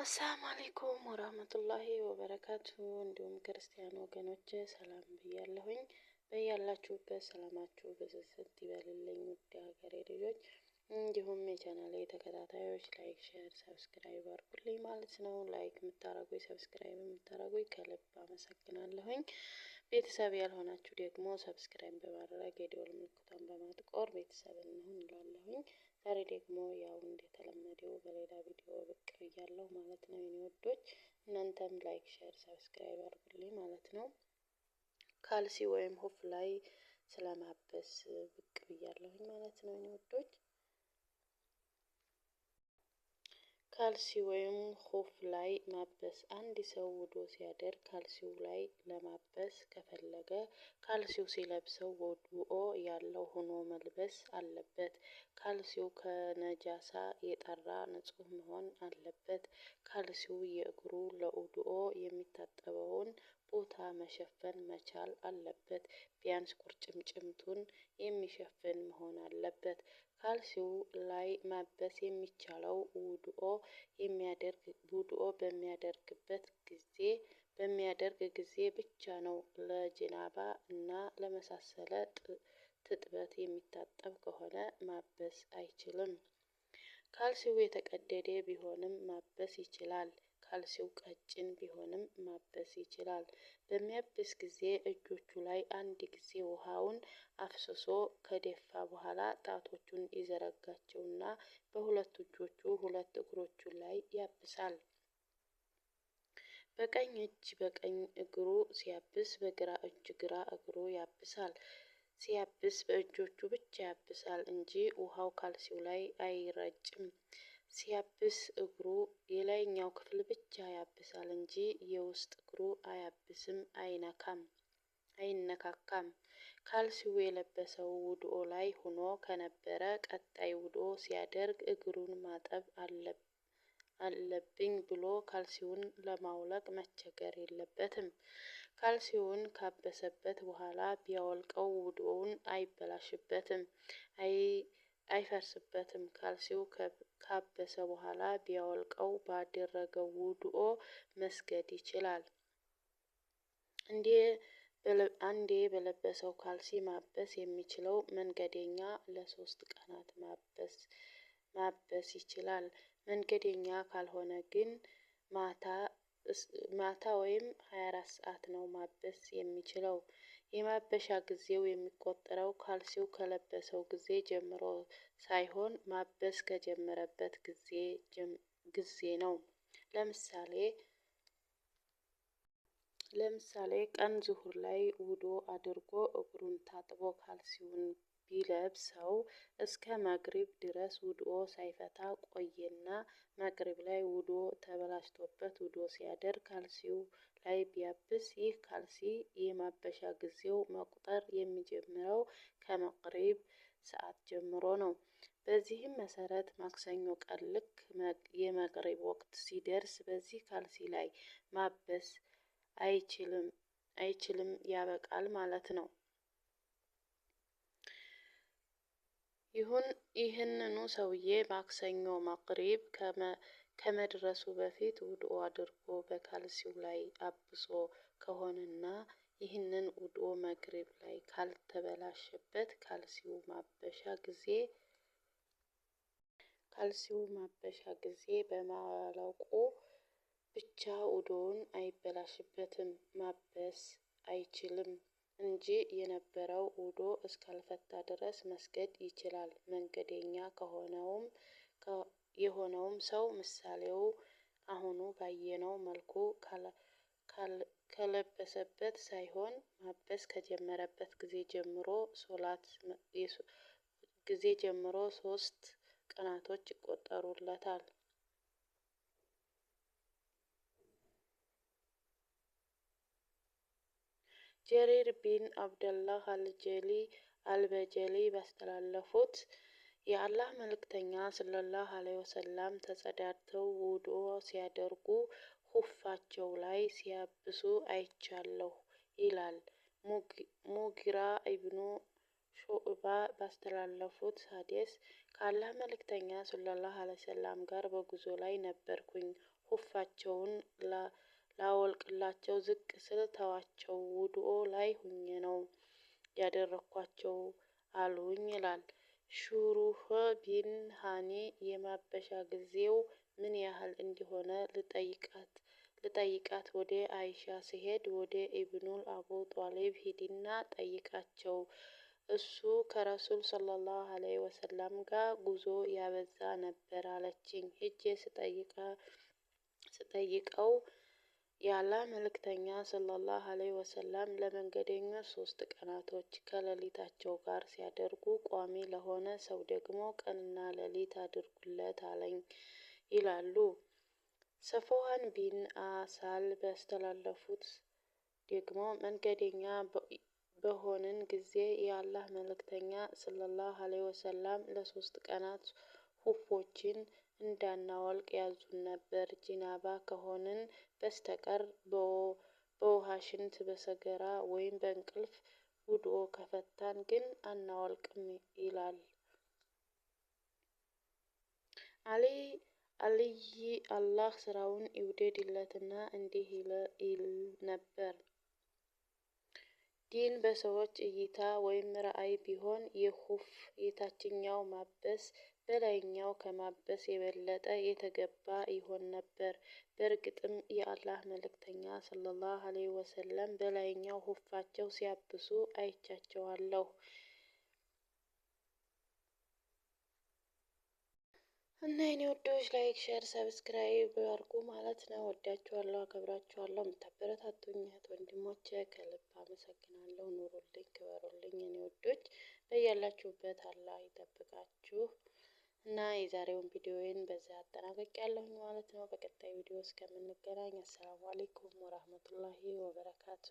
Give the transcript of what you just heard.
አሰላሙ አሌይኩም ወራህመቱላሂ ወበረካቱ። እንዲሁም ክርስቲያን ወገኖች ሰላም ብያለሁኝ። በያላችሁበት ሰላማችሁ በስስት ይበልልኝ። ውድ ሀገሬ ልጆች እንዲሁም የቻናሌ ተከታታዮች ላይክ፣ ሼር፣ ሰብስክራይብ አድርጉልኝ ማለት ነው። ላይክ የምታረጉኝ ሰብስክራይብ የምታረጉኝ ከልብ አመሰግናለሁኝ። ቤተሰብ ያልሆናችሁ ደግሞ ሰብስክራይብ በማድረግ የደወል ምልክቷን በማጥቆር ቤተሰብ እንሆን እንላለሁኝ። ዛሬ ደግሞ ያው እንደተለመደው በሌላ ቪዲዮ ብቅ ብያለሁ ማለት ነው የኔ ወዶች። እናንተም ላይክ፣ ሼር፣ ሰብስክራይብ አድርጉልኝ ማለት ነው። ካልሲ ወይም ሆፍ ላይ ስለማበስ ብቅ ብያለሁኝ ማለት ነው የኔ ወዶች። ካልሲ ወይም ሁፍ ላይ ማበስ አንድ ሰው ውዶ ሲያደርግ ካልሲው ላይ ለማበስ ከፈለገ ካልሲው ሲለብሰው ወድኦ ያለው ሆኖ መልበስ አለበት። ካልሲው ከነጃሳ የጠራ ንጹህ መሆን አለበት። ካልሲው የእግሩ ለውድኦ የሚታጠበውን ቦታ መሸፈን መቻል አለበት። ቢያንስ ቁርጭምጭምቱን የሚሸፍን መሆን አለበት። ካልሲው ላይ ማበስ የሚቻለው ውድኦ የሚያደርግ ውድኦ በሚያደርግበት ጊዜ በሚያደርግ ጊዜ ብቻ ነው። ለጀናባ እና ለመሳሰለ ትጥበት የሚታጠብ ከሆነ ማበስ አይችልም። ካልሲው የተቀደደ ቢሆንም ማበስ ይችላል። ካልሲው ቀጭን ቢሆንም ማበስ ይችላል። በሚያብስ ጊዜ እጆቹ ላይ አንድ ጊዜ ውሃውን አፍስሶ ከደፋ በኋላ ጣቶቹን ይዘረጋቸውና በሁለት እጆቹ ሁለት እግሮቹ ላይ ያብሳል። በቀኝ እጅ በቀኝ እግሩ ሲያብስ፣ በግራ እጅ ግራ እግሩ ያብሳል። ሲያብስ በእጆቹ ብቻ ያብሳል እንጂ ውሃው ካልሲው ላይ አይረጭም። ሲያብስ እግሩ የላይኛው ክፍል ብቻ ያብሳል እንጂ የውስጥ እግሩ አያብስም፣ አይነካም አይነካካም። ካልሲው የለበሰው ውድኦ ላይ ሆኖ ከነበረ ቀጣይ ውድኦ ሲያደርግ እግሩን ማጠብ አለብኝ ብሎ ካልሲውን ለማውለቅ መቸገር የለበትም። ካልሲውን ካበሰበት በኋላ ቢያወልቀው ውድኦውን አይበላሽበትም፣ አይፈርስበትም። ካልሲው ካበሰ በኋላ ቢያወልቀው ባደረገው ውድኦ መስገድ ይችላል። አንዴ በለበሰው ካልሲ ማበስ የሚችለው መንገደኛ ለሶስት ቀናት ማበስ ማበስ ይችላል። መንገደኛ ካልሆነ ግን ማታ ማታ ወይም 24 ሰዓት ነው ማበስ የሚችለው። የማበሻ ጊዜው የሚቆጠረው ካልሲው ከለበሰው ጊዜ ጀምሮ ሳይሆን ማበስ ከጀመረበት ጊዜ ነው። ለምሳሌ ለምሳሌ ቀን ዙሁር ላይ ውዶ አድርጎ እግሩን ታጥቦ ካልሲውን ቢለብሰው እስከ መግሪብ ድረስ ውድኦ ሳይፈታ ቆየና መግሪብ ላይ ውዶ ተበላሽቶበት ውዶ ሲያደር ካልሲው ላይ ቢያብስ ይህ ካልሲ የማበሻ ጊዜው መቁጠር የሚጀምረው ከመቅሪብ ሰዓት ጀምሮ ነው። በዚህም መሰረት ማክሰኞ ቀን ልክ የመቅሪብ ወቅት ሲደርስ በዚህ ካልሲ ላይ ማበስ አይችልም አይችልም ያበቃል ማለት ነው። ይሁን ይህንኑ ሰውዬ ማክሰኞ መቅሪብ ከመድረሱ በፊት ውድኦ አድርጎ በካልሲው ላይ አብሶ ከሆነና ይህንን ውድኦ መግሪብ ላይ ካልተበላሸበት ካልሲው ማበሻ ጊዜ ካልሲው ማበሻ ጊዜ በማላውቁ ብቻ ውዶውን አይበላሽበትም፣ ማበስ አይችልም እንጂ የነበረው ውዶ እስካልፈታ ድረስ መስገድ ይችላል። መንገደኛ ከሆነውም የሆነውም ሰው ምሳሌው አሁኑ ባየነው መልኩ ከለበሰበት ሳይሆን ማበስ ከጀመረበት ጊዜ ጀምሮ ሶላት ጊዜ ጀምሮ ሶስት ቀናቶች ይቆጠሩለታል። ጀሪር ቢን አብደላህ አልጀሊ አልበጀሊ ባስተላለፉት የአላህ መልእክተኛ ሰለላሁ ዐለይሂ ወሰለም ተጸዳድተው ውዱእ ሲያደርጉ ሁፋቸው ላይ ሲያብሱ አይቻለሁ ይላል። ሙጊራ ኢብኑ ሹዕባ ባስተላለፉት ሀዲስ። ከአላህ መልእክተኛ ሰለላሁ ዐለይሂ ወሰለም ጋር በጉዞ ላይ ነበርኩኝ። ሁፋቸውን ላወልቅላቸው ዝቅ ስል ተዋቸው፣ ውዱእ ላይ ሁኜ ነው ያደረኳቸው አሉኝ ይላል። ሹሩህ ቢን ሃኒ የማበሻ ጊዜው ምን ያህል እንደሆነ ልጠይቃት ልጠይቃት ወደ አይሻ ሲሄድ ወደ ኢብኑል አቡ ጧሊብ ሂድና ጠይቃቸው። እሱ ከረሱል ሰለላሁ አለይሂ ወሰለም ጋር ጉዞ ያበዛ ነበር አለችኝ። ሂጄ ስጠይቀው የአላህ መልእክተኛ ሰለላሁ ዐለይሂ ወሰለም ለመንገደኛ ሶስት ቀናቶች ከሌሊታቸው ጋር ሲያደርጉ ቋሚ ለሆነ ሰው ደግሞ ቀንና ሌሊት አድርጉለት አለኝ ይላሉ። ሰፎሃን ቢን አሳል ቢያስተላለፉት ደግሞ መንገደኛ በሆንን ጊዜ የአላህ መልእክተኛ ሰለላሁ ዐለይሂ ወሰለም ለሶስት ቀናት ሁፎችን እንዳናወልቅ ያዙን ነበር። ጂናባ ከሆንን በስተቀር በውሃ ሽንት፣ በሰገራ ወይም በእንቅልፍ ውድኦ ከፈታን ግን አናወልቅም ይላል። አልይ አላህ ስራውን ይውደድለትና እንዲህ ይል ነበር ዲን በሰዎች እይታ ወይም ረአይ ቢሆን የሁፍ የታችኛው ማበስ በላይኛው ከማበስ የበለጠ የተገባ ይሆን ነበር። በእርግጥም የአላህ መልእክተኛ ሰለላሁ ዐለይሂ ወሰለም በላይኛው ሁፋቸው ሲያብሱ አይቻቸዋለሁ። እና የኔ ወዶች ላይክ፣ ሼር፣ ሰብስክራይብ አድርጉ ማለት ነው። ወዳችኋለሁ፣ አከብራችኋለሁ። የምታበረታቱኝ እህት ወንድሞቼ ከልብ አመሰግናለሁ። ኑሩልኝ፣ ክበሩልኝ። እኔ ወዶች በያላችሁበት አላህ ይጠብቃችሁ። እና የዛሬውን ቪዲዮዬን በዛ አጠናቀቅ ያለሁኝ ማለት ነው። በቀጣይ ቪዲዮ እስከምንገናኝ አሰላሙ አሌይኩም ወራህመቱላሂ ወበረካቱ።